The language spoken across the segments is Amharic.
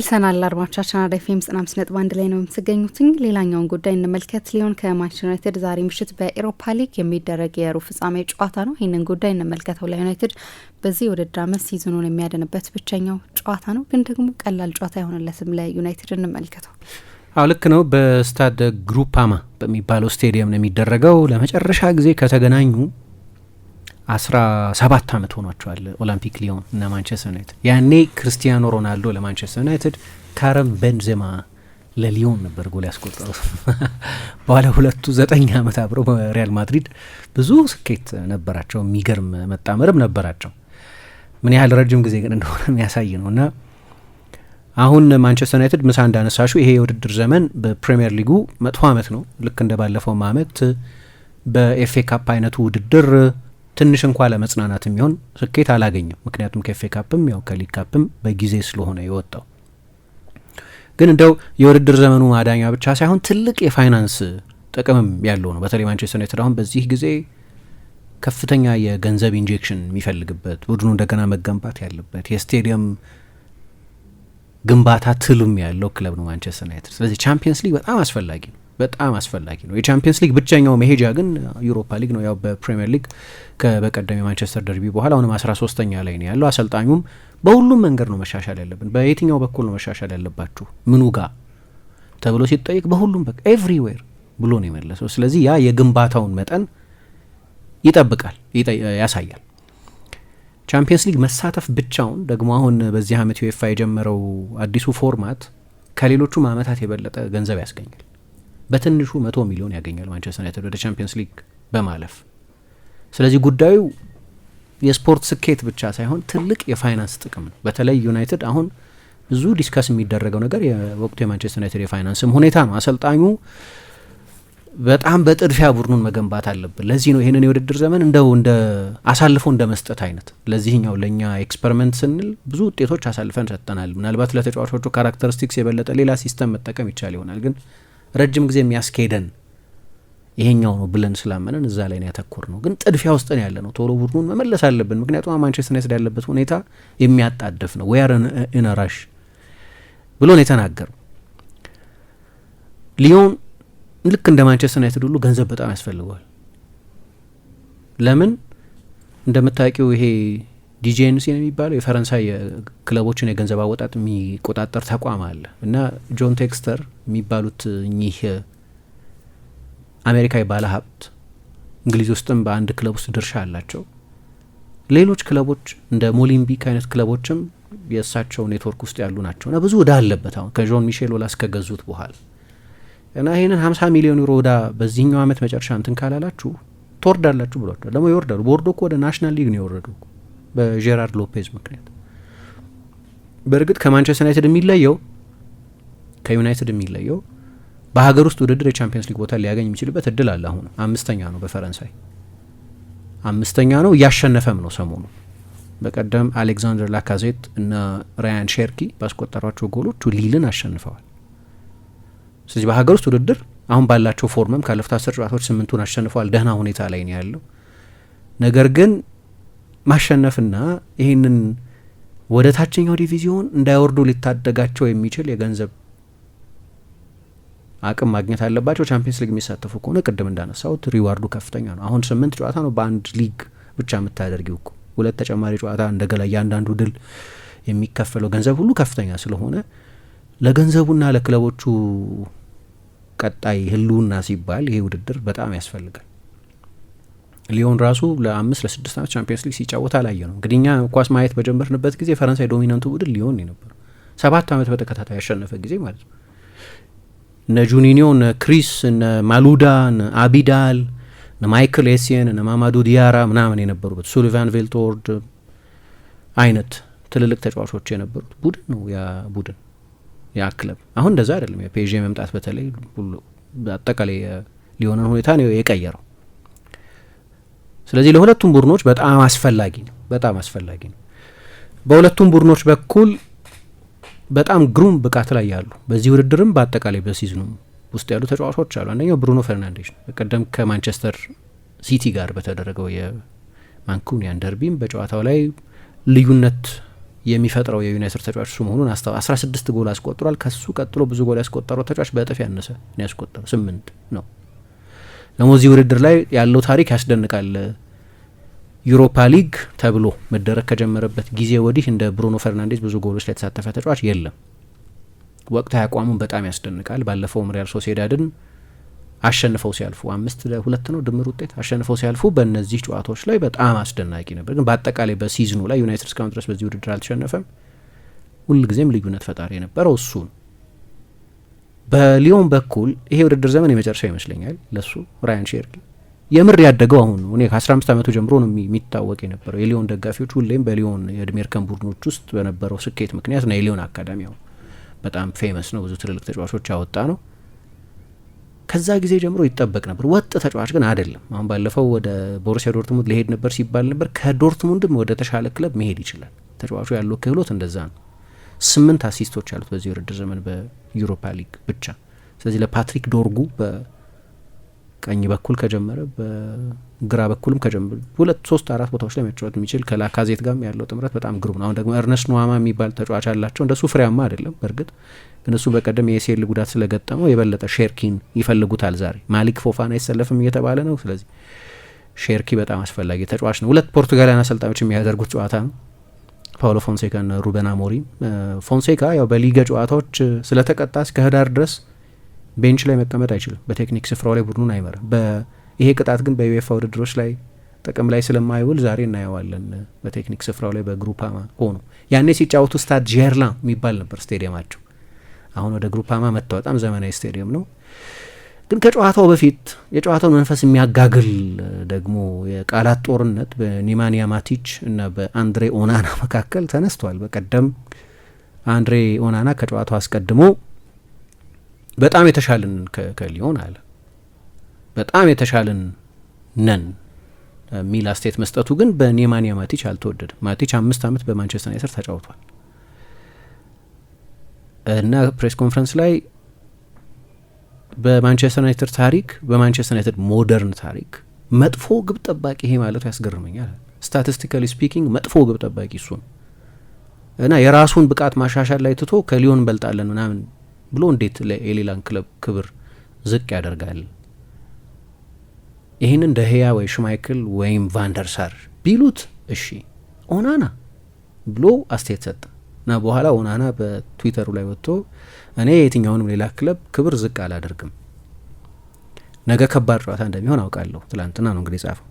ተመልሰናል አድማጮቻችን አራዳ ኤፍ ኤም ዘጠና አምስት ነጥብ አንድ ላይ ነው የምትገኙትኝ። ሌላኛውን ጉዳይ እንመልከት። ሊዮን ከማንቸስተር ዩናይትድ ዛሬ ምሽት በኤሮፓ ሊግ የሚደረግ የሩብ ፍጻሜ ጨዋታ ነው። ይህንን ጉዳይ እንመልከተው። ለዩናይትድ በዚህ የውድድር አመት ሲዝኑን የሚያድንበት ብቸኛው ጨዋታ ነው፣ ግን ደግሞ ቀላል ጨዋታ አይሆንለትም ለዩናይትድ። እንመልከተው። አዎ ልክ ነው። በስታድ ግሩፓማ በሚባለው ስቴዲየም ነው የሚደረገው። ለመጨረሻ ጊዜ ከተገናኙ አስራ ሰባት ዓመት ሆኗቸዋል ኦሎምፒክ ሊዮን እና ማንቸስተር ዩናይትድ። ያኔ ክርስቲያኖ ሮናልዶ ለማንቸስተር ዩናይትድ ካረም በንዜማ ለሊዮን ነበር ጎል ያስቆጠሩት። በኋላ ሁለቱ ዘጠኝ ዓመት አብረው በሪያል ማድሪድ ብዙ ስኬት ነበራቸው። የሚገርም መጣመርም ነበራቸው። ምን ያህል ረጅም ጊዜ ግን እንደሆነ የሚያሳይ ነው እና አሁን ማንቸስተር ዩናይትድ ምሳ እንዳነሳሹ ይሄ የውድድር ዘመን በፕሪምየር ሊጉ መጥፎ ዓመት ነው። ልክ እንደ ባለፈውም አመት በኤፍኤ ካፕ አይነቱ ውድድር ትንሽ እንኳ ለመጽናናት የሚሆን ስኬት አላገኘም። ምክንያቱም ከፌ ካፕም ያው ከሊግ ካፕም በጊዜ ስለሆነ የወጣው። ግን እንደው የውድድር ዘመኑ ማዳኛ ብቻ ሳይሆን ትልቅ የፋይናንስ ጥቅምም ያለው ነው። በተለይ ማንቸስተር ዩናይትድ አሁን በዚህ ጊዜ ከፍተኛ የገንዘብ ኢንጀክሽን የሚፈልግበት ቡድኑ እንደገና መገንባት ያለበት የስቴዲየም ግንባታ ትልም ያለው ክለብ ነው ማንቸስተር ዩናይትድ። ስለዚህ ቻምፒየንስ ሊግ በጣም አስፈላጊ ነው። በጣም አስፈላጊ ነው። የቻምፒየንስ ሊግ ብቸኛው መሄጃ ግን ዩሮፓ ሊግ ነው። ያው በፕሪምየር ሊግ ከበቀደም የማንቸስተር ደርቢ በኋላ አሁንም አስራ ሶስተኛ ላይ ነው ያለው። አሰልጣኙም በሁሉም መንገድ ነው መሻሻል ያለብን፣ በየትኛው በኩል ነው መሻሻል ያለባችሁ፣ ምኑ ጋ ተብሎ ሲጠይቅ በሁሉም በቃ ኤቭሪዌር ብሎ ነው የመለሰው። ስለዚህ ያ የግንባታውን መጠን ይጠብቃል፣ ያሳያል። ቻምፒየንስ ሊግ መሳተፍ ብቻውን ደግሞ አሁን በዚህ አመት ዩኤፋ የጀመረው አዲሱ ፎርማት ከሌሎቹም አመታት የበለጠ ገንዘብ ያስገኛል። በትንሹ መቶ ሚሊዮን ያገኛል ማንቸስተር ዩናይትድ ወደ ቻምፒየንስ ሊግ በማለፍ። ስለዚህ ጉዳዩ የስፖርት ስኬት ብቻ ሳይሆን ትልቅ የፋይናንስ ጥቅም ነው። በተለይ ዩናይትድ አሁን ብዙ ዲስከስ የሚደረገው ነገር የወቅቱ የማንቸስተር ዩናይትድ የፋይናንስም ሁኔታ ነው። አሰልጣኙ በጣም በጥድፊያ ቡድኑን መገንባት አለብን። ለዚህ ነው ይህንን የውድድር ዘመን እንደው እንደ አሳልፎ እንደ መስጠት አይነት ለዚህኛው ለእኛ ኤክስፐሪመንት ስንል ብዙ ውጤቶች አሳልፈን ሰጥተናል። ምናልባት ለተጫዋቾቹ ካራክተሪስቲክስ የበለጠ ሌላ ሲስተም መጠቀም ይቻል ይሆናል ግን ረጅም ጊዜ የሚያስኬደን ይሄኛው ነው ብለን ስላመንን እዛ ላይ ነው ያተኮር ነው። ግን ጥድፊያ ውስጥ ነው ያለ ነው። ቶሎ ቡድኑን መመለስ አለብን። ምክንያቱም ማንቸስተር ዩናይትድ ያለበት ሁኔታ የሚያጣደፍ ነው። ወያር እነራሽ ብሎ ነው የተናገረው። ሊዮን ልክ እንደ ማንቸስተር ዩናይትድ ሁሉ ገንዘብ በጣም ያስፈልገዋል። ለምን እንደምታውቂው ይሄ ዲጄንሲ ነው የሚባለው የፈረንሳይ ክለቦችን የገንዘብ አወጣጥ የሚቆጣጠር ተቋም አለ እና ጆን ቴክስተር የሚባሉት እኚህ አሜሪካዊ ባለሀብት እንግሊዝ ውስጥም በአንድ ክለብ ውስጥ ድርሻ አላቸው። ሌሎች ክለቦች እንደ ሞሊምቢክ አይነት ክለቦችም የእሳቸው ኔትወርክ ውስጥ ያሉ ናቸው እና ብዙ እዳ አለበት አሁን ከዦን ሚሼል ወላስ ከገዙት በኋላ እና ይህንን ሀምሳ ሚሊዮን ዩሮ እዳ በዚህኛው ዓመት መጨረሻ እንትን ካላላችሁ ትወርዳላችሁ ብሏቸዋል። ደግሞ ይወርዳሉ። ቦርዶ እኮ ወደ ናሽናል ሊግ ነው የወረዱ። በጀራርድ ሎፔዝ ምክንያት። በእርግጥ ከማንቸስተር ዩናይትድ የሚለየው ከዩናይትድ የሚለየው በሀገር ውስጥ ውድድር የቻምፒየንስ ሊግ ቦታ ሊያገኝ የሚችልበት እድል አለ። አሁን አምስተኛ ነው በፈረንሳይ አምስተኛ ነው፣ እያሸነፈም ነው። ሰሞኑ በቀደም አሌክዛንደር ላካዜት እና ራያን ሼርኪ ባስቆጠሯቸው ጎሎቹ ሊልን አሸንፈዋል። ስለዚህ በሀገር ውስጥ ውድድር አሁን ባላቸው ፎርምም ካለፉት አስር ጨዋታዎች ስምንቱን አሸንፈዋል። ደህና ሁኔታ ላይ ነው ያለው። ነገር ግን ማሸነፍና ይህንን ወደ ታችኛው ዲቪዚዮን እንዳይወርዱ ሊታደጋቸው የሚችል የገንዘብ አቅም ማግኘት አለባቸው። ቻምፒየንስ ሊግ የሚሳተፉ ከሆነ ቅድም እንዳነሳሁት ሪዋርዱ ከፍተኛ ነው። አሁን ስምንት ጨዋታ ነው በአንድ ሊግ ብቻ የምታደርጊው እኮ ሁለት ተጨማሪ ጨዋታ እንደገላ እያንዳንዱ ድል የሚከፈለው ገንዘብ ሁሉ ከፍተኛ ስለሆነ ለገንዘቡና ለክለቦቹ ቀጣይ ህልውና ሲባል ይሄ ውድድር በጣም ያስፈልጋል። ሊዮን ራሱ ለአምስት ለስድስት ዓመት ቻምፒየንስ ሊግ ሲጫወት አላየ ነው። እንግዲህ እኛ ኳስ ማየት በጀመርንበት ጊዜ ፈረንሳይ ዶሚናንቱ ቡድን ሊዮን የነበረው ሰባት ዓመት በተከታታይ ያሸነፈ ጊዜ ማለት ነው። እነ ጁኒኒዮ፣ እነ ክሪስ፣ እነ ማሉዳ፣ እነ አቢዳል፣ እነ ማይክል ኤሲየን፣ እነ ማማዱ ዲያራ ምናምን የነበሩበት ሱሊቫን ቬልቶርድ አይነት ትልልቅ ተጫዋቾች የነበሩት ቡድን ነው ያ ቡድን ያ ክለብ። አሁን እንደዛ አይደለም። የፔዥ መምጣት በተለይ አጠቃላይ ሊዮንን ሁኔታ ነው የቀየረው። ስለዚህ ለሁለቱም ቡድኖች በጣም አስፈላጊ ነው፣ በጣም አስፈላጊ ነው። በሁለቱም ቡድኖች በኩል በጣም ግሩም ብቃት ላይ ያሉ በዚህ ውድድርም በአጠቃላይ በሲዝኑ ውስጥ ያሉ ተጫዋቾች አሉ። አንደኛው ብሩኖ ፈርናንዴሽ ነው። በቀደም ከማንቸስተር ሲቲ ጋር በተደረገው የማንኩኒያን ደርቢም በጨዋታው ላይ ልዩነት የሚፈጥረው የዩናይትድ ተጫዋች እሱ መሆኑን አስታ አስራ ስድስት ጎል አስቆጥሯል። ከሱ ቀጥሎ ብዙ ጎል ያስቆጠረው ተጫዋች በእጥፍ ያነሰ ያስቆጠረው ስምንት ነው። ደግሞ እዚህ ውድድር ላይ ያለው ታሪክ ያስደንቃል። ዩሮፓ ሊግ ተብሎ መደረግ ከጀመረበት ጊዜ ወዲህ እንደ ብሩኖ ፈርናንዴዝ ብዙ ጎሎች ላይ የተሳተፈ ተጫዋች የለም። ወቅታዊ አቋሙን በጣም ያስደንቃል። ባለፈውም ሪያል ሶሴዳድን አሸንፈው ሲያልፉ አምስት ለሁለት ነው ድምር ውጤት አሸንፈው ሲያልፉ በእነዚህ ጨዋታዎች ላይ በጣም አስደናቂ ነበር። ግን በአጠቃላይ በሲዝኑ ላይ ዩናይትድ እስካሁን ድረስ በዚህ ውድድር አልተሸነፈም። ሁልጊዜም ልዩነት ፈጣሪ የነበረው እሱ ነው። በሊዮን በኩል ይሄ ውድድር ዘመን የመጨረሻ ይመስለኛል ለሱ ራያን ሼርኪ የምር ያደገው አሁን ነው። እኔ ከ15 ዓመቱ ጀምሮ ነው የሚታወቅ የነበረው። የሊዮን ደጋፊዎች ሁሌም በሊዮን የዕድሜ እርከን ቡድኖች ውስጥ በነበረው ስኬት ምክንያት ና የሊዮን አካዳሚ አሁን በጣም ፌመስ ነው፣ ብዙ ትልልቅ ተጫዋቾች ያወጣ ነው። ከዛ ጊዜ ጀምሮ ይጠበቅ ነበር። ወጥ ተጫዋች ግን አይደለም። አሁን ባለፈው ወደ ቦሩሲያ ዶርትሙንድ ሊሄድ ነበር ሲባል ነበር። ከዶርትሙንድም ወደ ተሻለ ክለብ መሄድ ይችላል። ተጫዋቹ ያለው ክህሎት እንደዛ ነው። ስምንት አሲስቶች አሉት በዚህ ውድድር ዘመን በዩሮፓ ሊግ ብቻ። ስለዚህ ለፓትሪክ ዶርጉ በቀኝ በኩል ከጀመረ በግራ በኩልም ከጀመረ ሁለት ሶስት አራት ቦታዎች ላይ መጫወት የሚችል ከላካዜት ጋም ያለው ጥምረት በጣም ግሩም ነው። አሁን ደግሞ ኤርነስት ኑዋማ የሚባል ተጫዋች አላቸው። እንደሱ ፍሬያማ አይደለም በእርግጥ ግን እሱ በቀደም የኤሲኤል ጉዳት ስለገጠመው የበለጠ ሼርኪን ይፈልጉታል። ዛሬ ማሊክ ፎፋን አይሰለፍም እየተባለ ነው። ስለዚህ ሼርኪ በጣም አስፈላጊ ተጫዋች ነው። ሁለት ፖርቱጋሊያን አሰልጣኞች የሚያደርጉት ጨዋታ ነው። ፓውሎ ፎንሴካና ሩበን አሞሪ ፎንሴካ ያው በሊገ ጨዋታዎች ስለተቀጣ እስከ ህዳር ድረስ ቤንች ላይ መቀመጥ አይችልም። በቴክኒክ ስፍራው ላይ ቡድኑን አይመራም። ይሄ ቅጣት ግን በዩኤፋ ውድድሮች ላይ ጥቅም ላይ ስለማይውል ዛሬ እናየዋለን። በቴክኒክ ስፍራው ላይ በግሩፓማ ሆኖ ያኔ ሲጫወቱ ስታድ ጀርላ የሚባል ነበር ስቴዲየማቸው። አሁን ወደ ግሩፓማ መጥተው በጣም ዘመናዊ ስቴዲየም ነው። ግን ከጨዋታው በፊት የጨዋታውን መንፈስ የሚያጋግል ደግሞ የቃላት ጦርነት በኒማንያ ማቲች እና በአንድሬ ኦናና መካከል ተነስቷል። በቀደም አንድሬ ኦናና ከጨዋታው አስቀድሞ በጣም የተሻልን ከሊዮን አለ በጣም የተሻልን ነን የሚል አስተያየት መስጠቱ ግን በኔማንያ ማቲች አልተወደድም። ማቲች አምስት ዓመት በማንቸስተር ዩናይትድ ተጫውቷል እና ፕሬስ ኮንፈረንስ ላይ በማንቸስተር ዩናይትድ ታሪክ በማንቸስተር ዩናይትድ ሞደርን ታሪክ መጥፎ ግብ ጠባቂ ይሄ ማለቱ ያስገርመኛል። ስታቲስቲካሊ ስፒኪንግ መጥፎ ግብ ጠባቂ እሱ ነው እና የራሱን ብቃት ማሻሻል ላይ ትቶ ከሊዮን በልጣለን ምናምን ብሎ እንዴት የሌላን ክለብ ክብር ዝቅ ያደርጋል? ይህንን ደህያ ወይ ሽማይክል ወይም ቫንደርሳር ቢሉት እሺ ኦናና ብሎ አስተያየት ሰጠ። እና በኋላ ኦናና በትዊተሩ ላይ ወጥቶ እኔ የትኛውንም ሌላ ክለብ ክብር ዝቅ አላደርግም፣ ነገ ከባድ ጨዋታ እንደሚሆን አውቃለሁ። ትላንትና ነው እንግዲህ ጻፈው።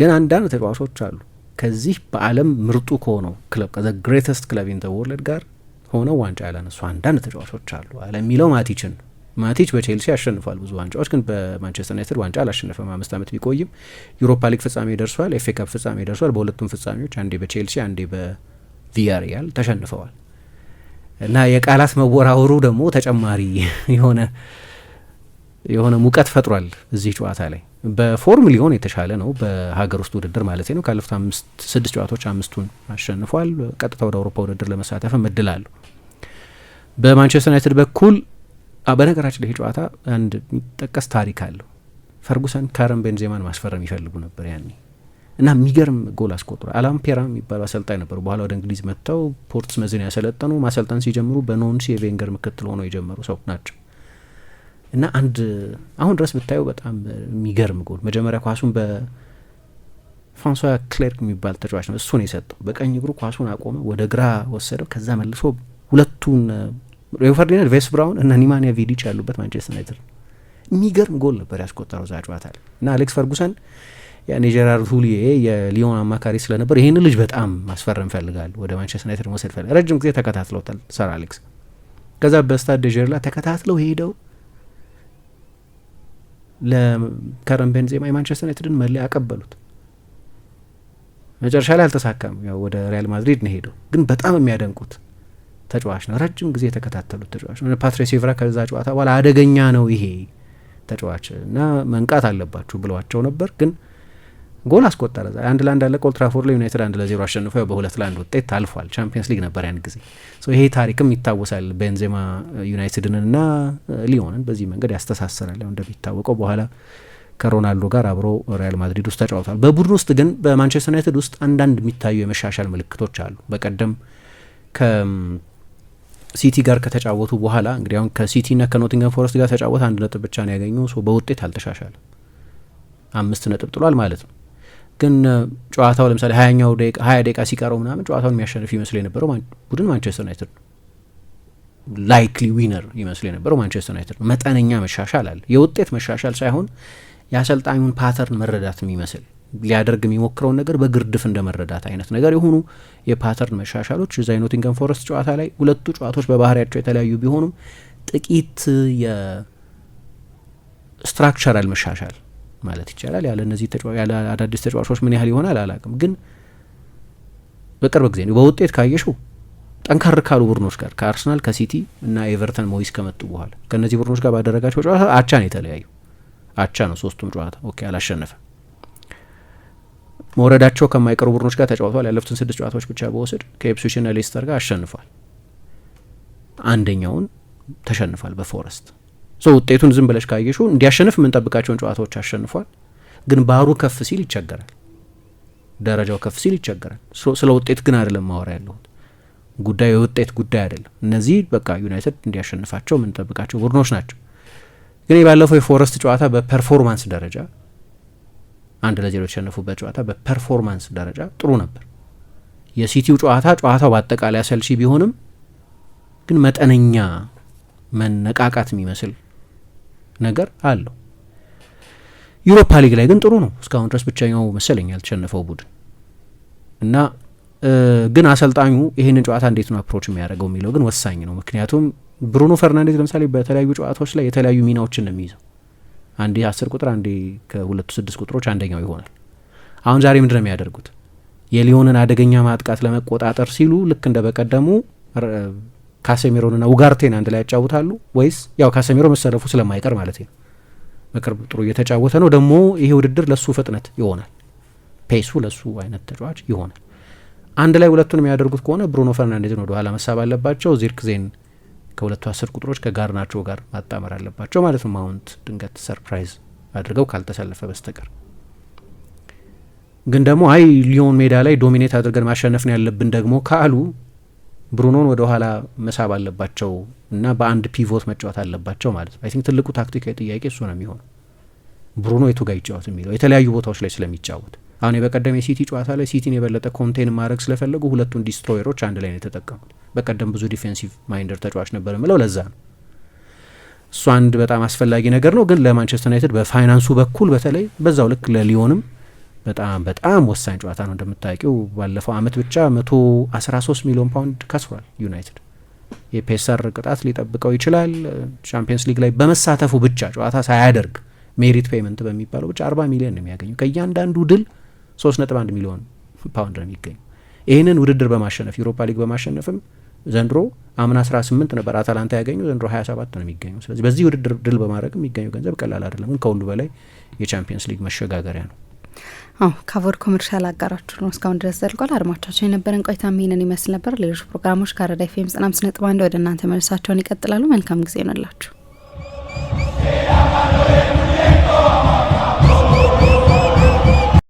ግን አንዳንድ ተጫዋቾች አሉ ከዚህ በዓለም ምርጡ ከሆነው ክለብ ከዘ ግሬተስት ክለብ ኢን ዘ ወርልድ ጋር ሆነው ዋንጫ ያላነሱ አንዳንድ ተጫዋቾች አሉ አለ የሚለው ማቲችን ማቲች በቼልሲ አሸንፏል ብዙ ዋንጫዎች፣ ግን በማንቸስተር ዩናይትድ ዋንጫ አላሸነፈም። አምስት ዓመት ቢቆይም ዩሮፓ ሊግ ፍጻሜ ደርሷል፣ ኤፌ ካፕ ፍጻሜ ደርሷል። በሁለቱም ፍጻሜዎች አንዴ በቼልሲ አንዴ በቪያሪያል ተሸንፈዋል እና የቃላት መወራወሩ ደግሞ ተጨማሪ የሆነ የሆነ ሙቀት ፈጥሯል እዚህ ጨዋታ ላይ። በፎርም ሊሆን የተሻለ ነው፣ በሀገር ውስጥ ውድድር ማለት ነው። ካለፉት አምስት ስድስት ጨዋታዎች አምስቱን አሸንፏል። ቀጥታ ወደ አውሮፓ ውድድር ለመሳተፍ እድል አለው። በማንቸስተር ዩናይትድ በኩል በነገራችን ላይ ጨዋታ አንድ የሚጠቀስ ታሪክ አለው። ፈርጉሰን ካረም ቤንዜማን ማስፈረም ይፈልጉ ነበር ያኔ እና የሚገርም ጎል አስቆጥሯል። አላምፔራ ፔራ የሚባሉ አሰልጣኝ ነበሩ። በኋላ ወደ እንግሊዝ መጥተው መዝን ያሰለጠኑ ማሰልጠን ሲጀምሩ በኖንሲ የቬንገር ምክትል ሆነው የጀመሩ ሰው ናቸው። እና አንድ አሁን ድረስ ብታየው በጣም የሚገርም ጎል መጀመሪያ ኳሱን በፍራንሷ ክሌርክ የሚባል ተጫዋች ነው እሱን የሰጠው። በቀኝ እግሩ ኳሱን አቆመ፣ ወደ ግራ ወሰደው፣ ከዛ መልሶ ሁለቱን ሪዮ ፈርዲናንድ፣ ቬስ ብራውን እና ኒማኒያ ቪዲች ያሉበት ማንቸስተር ዩናይትድ የሚገርም ጎል ነበር ያስቆጠረው ዛ ጨዋታ ላይ እና አሌክስ ፈርጉሰን ያኔ ጀራርድ ሁሊዬ የሊዮን አማካሪ ስለነበር ይህን ልጅ በጣም ማስፈረም ፈልጋል ወደ ማንቸስተር ዩናይትድ መውሰድ ፈልጋል። ረጅም ጊዜ ተከታትለውታል ሰር አሌክስ። ከዛ በስታድ ደጀርላ ተከታትለው ሄደው ለከረም ቤንዜማ የማንቸስተር ዩናይትድን መለያ አቀበሉት። መጨረሻ ላይ አልተሳካም፣ ያው ወደ ሪያል ማድሪድ ነው ሄደው። ግን በጣም የሚያደንቁት ተጫዋች ነው። ረጅም ጊዜ የተከታተሉት ተጫዋች ነው። ፓትሪስ ኤቭራ ከዛ ጨዋታ በኋላ አደገኛ ነው ይሄ ተጫዋች እና መንቃት አለባችሁ ብለዋቸው ነበር። ግን ጎል አስቆጠረ። አንድ ለአንድ አለቀ። ኦልድ ትራፎርድ ላይ ዩናይትድ አንድ ለዜሮ አሸንፎ በሁለት ለአንድ ውጤት አልፏል። ቻምፒየንስ ሊግ ነበር ያን ጊዜ። ይሄ ታሪክም ይታወሳል። ቤንዜማ ዩናይትድንና ሊዮንን በዚህ መንገድ ያስተሳሰራል። ያው እንደሚታወቀው በኋላ ከሮናልዶ ጋር አብሮ ሪያል ማድሪድ ውስጥ ተጫውቷል። በቡድን ውስጥ ግን በማንቸስተር ዩናይትድ ውስጥ አንዳንድ የሚታዩ የመሻሻል ምልክቶች አሉ። በቀደም ከ ሲቲ ጋር ከተጫወቱ በኋላ እንግዲህ አሁን ከሲቲና ከኖቲንገም ፎረስት ጋር ተጫወት አንድ ነጥብ ብቻ ነው ያገኘው። በውጤት አልተሻሻለም፣ አምስት ነጥብ ጥሏል ማለት ነው። ግን ጨዋታው ለምሳሌ ሀያኛው ሀያ ደቂቃ ሲቀረው ምናምን ጨዋታውን የሚያሸንፍ ይመስል የነበረው ቡድን ማንቸስተር ዩናይትድ ነው። ላይክሊ ዊነር ይመስል የነበረው ማንቸስተር ዩናይትድ ነው። መጠነኛ መሻሻል አለ። የውጤት መሻሻል ሳይሆን የአሰልጣኙን ፓተርን መረዳት የሚመስል ሊያደርግ የሚሞክረውን ነገር በግርድፍ እንደ መረዳት አይነት ነገር የሆኑ የፓተርን መሻሻሎች እዛ የኖቲንገም ፎረስት ጨዋታ ላይ ሁለቱ ጨዋታዎች በባህሪያቸው የተለያዩ ቢሆኑም ጥቂት የስትራክቸራል መሻሻል ማለት ይቻላል ያለ እነዚህ ያለ አዳዲስ ተጫዋቾች ምን ያህል ይሆናል አላቅም፣ ግን በቅርብ ጊዜ በውጤት ካየሽው ጠንከር ካሉ ቡድኖች ጋር ከአርሰናል ከሲቲ እና ኤቨርተን ሞይስ ከመጡ በኋላ ከእነዚህ ቡድኖች ጋር ባደረጋቸው ጨዋታ አቻ ነው የተለያዩ አቻ ነው ሶስቱም ጨዋታ ኦኬ አላሸነፈም መውረዳቸው ከማይቀሩ ቡድኖች ጋር ተጫውተዋል ያለፉትን ስድስት ጨዋታዎች ብቻ በወስድ ከኤፕስዊችና ሌስተር ጋር አሸንፏል። አንደኛውን ተሸንፏል በፎረስት ሶ ውጤቱን ዝም ብለሽ ካየሹ እንዲያሸንፍ የምንጠብቃቸውን ጨዋታዎች አሸንፏል። ግን ባህሩ ከፍ ሲል ይቸገራል፣ ደረጃው ከፍ ሲል ይቸገራል። ስለ ውጤት ግን አይደለም ማወራ ያለሁት ጉዳዩ የውጤት ጉዳይ አይደለም። እነዚህ በቃ ዩናይትድ እንዲያሸንፋቸው የምንጠብቃቸው ቡድኖች ናቸው። ግን ባለፈው የፎረስት ጨዋታ በፐርፎርማንስ ደረጃ አንድ ለዜሮ የተሸነፉበት ጨዋታ በፐርፎርማንስ ደረጃ ጥሩ ነበር። የሲቲው ጨዋታ ጨዋታው በአጠቃላይ አሰልቺ ቢሆንም ግን መጠነኛ መነቃቃት የሚመስል ነገር አለው። ዩሮፓ ሊግ ላይ ግን ጥሩ ነው። እስካሁን ድረስ ብቸኛው መሰለኝ ያልተሸነፈው ቡድን እና ግን አሰልጣኙ ይህንን ጨዋታ እንዴት ነው አፕሮች የሚያደርገው የሚለው ግን ወሳኝ ነው። ምክንያቱም ብሩኖ ፈርናንዴዝ ለምሳሌ በተለያዩ ጨዋታዎች ላይ የተለያዩ ሚናዎችን ነው የሚይዘው አንዴ አስር ቁጥር አንዴ ከሁለቱ ስድስት ቁጥሮች አንደኛው ይሆናል። አሁን ዛሬ ምንድነው የሚያደርጉት? የሊዮንን አደገኛ ማጥቃት ለመቆጣጠር ሲሉ ልክ እንደ በቀደሙ ካሴሚሮንና ውጋርቴን አንድ ላይ ያጫውታሉ ወይስ ያው ካሴሚሮ መሰለፉ ስለማይቀር ማለት ነው። በቅርብ ጥሩ እየተጫወተ ነው። ደግሞ ይሄ ውድድር ለሱ ፍጥነት ይሆናል፣ ፔሱ ለሱ አይነት ተጫዋች ይሆናል። አንድ ላይ ሁለቱን የሚያደርጉት ከሆነ ብሩኖ ፈርናንዴዝን ወደኋላ መሳብ አለባቸው። ዚርክዜን ከሁለቱ አስር ቁጥሮች ከጋርናቾ ጋር ማጣመር አለባቸው ማለት ነው። ማውንት ድንገት ሰርፕራይዝ አድርገው ካልተሰለፈ በስተቀር ግን ደግሞ አይ ሊዮን ሜዳ ላይ ዶሚኔት አድርገን ማሸነፍ ነው ያለብን ደግሞ ካሉ ብሩኖን ወደ ኋላ መሳብ አለባቸው እና በአንድ ፒቮት መጫወት አለባቸው ማለት ነው። አይ ቲንክ ትልቁ ታክቲካዊ ጥያቄ እሱ ነው የሚሆነው። ብሩኖ የቱ ጋር ይጫወት የሚለው የተለያዩ ቦታዎች ላይ ስለሚጫወት አሁን የበቀደም የሲቲ ጨዋታ ላይ ሲቲን የበለጠ ኮንቴን ማድረግ ስለፈለጉ ሁለቱን ዲስትሮየሮች አንድ ላይ ነው የተጠቀሙት። በቀደም ብዙ ዲፌንሲቭ ማይንደር ተጫዋች ነበር የምለው ለዛ ነው። እሱ አንድ በጣም አስፈላጊ ነገር ነው፣ ግን ለማንቸስተር ዩናይትድ በፋይናንሱ በኩል በተለይ በዛው ልክ ለሊዮንም በጣም በጣም ወሳኝ ጨዋታ ነው። እንደምታውቂው ባለፈው አመት ብቻ መቶ አስራ ሶስት ሚሊዮን ፓውንድ ከስሯል ዩናይትድ። የፔሰር ቅጣት ሊጠብቀው ይችላል። ቻምፒየንስ ሊግ ላይ በመሳተፉ ብቻ ጨዋታ ሳያደርግ ሜሪት ፔመንት በሚባለው ብቻ አርባ ሚሊዮን ነው የሚያገኙ። ከእያንዳንዱ ድል ሶስት ነጥብ አንድ ሚሊዮን ፓውንድ ነው የሚገኙ። ይህንን ውድድር በማሸነፍ ዩሮፓ ሊግ በማሸነፍም ዘንድሮ አምና 18 ነበር አታላንታ ያገኙ ዘንድሮ 27 ነው የሚገኙ። ስለዚህ በዚህ ውድድር ድል በማድረግ የሚገኘው ገንዘብ ቀላል አይደለም፣ ግን ከሁሉ በላይ የቻምፒየንስ ሊግ መሸጋገሪያ ነው። አዎ ካቮር ኮመርሻል አጋራችሁ ነው እስካሁን ድረስ ዘልቋል። አድማቻችን የነበረን ቆይታ ይህንን ይመስል ነበር። ሌሎች ፕሮግራሞች ከአራዳ ኤፍ ኤም ዘጠና አምስት ነጥብ አንድ ወደ እናንተ መልሳቸውን ይቀጥላሉ። መልካም ጊዜ ነላችሁ።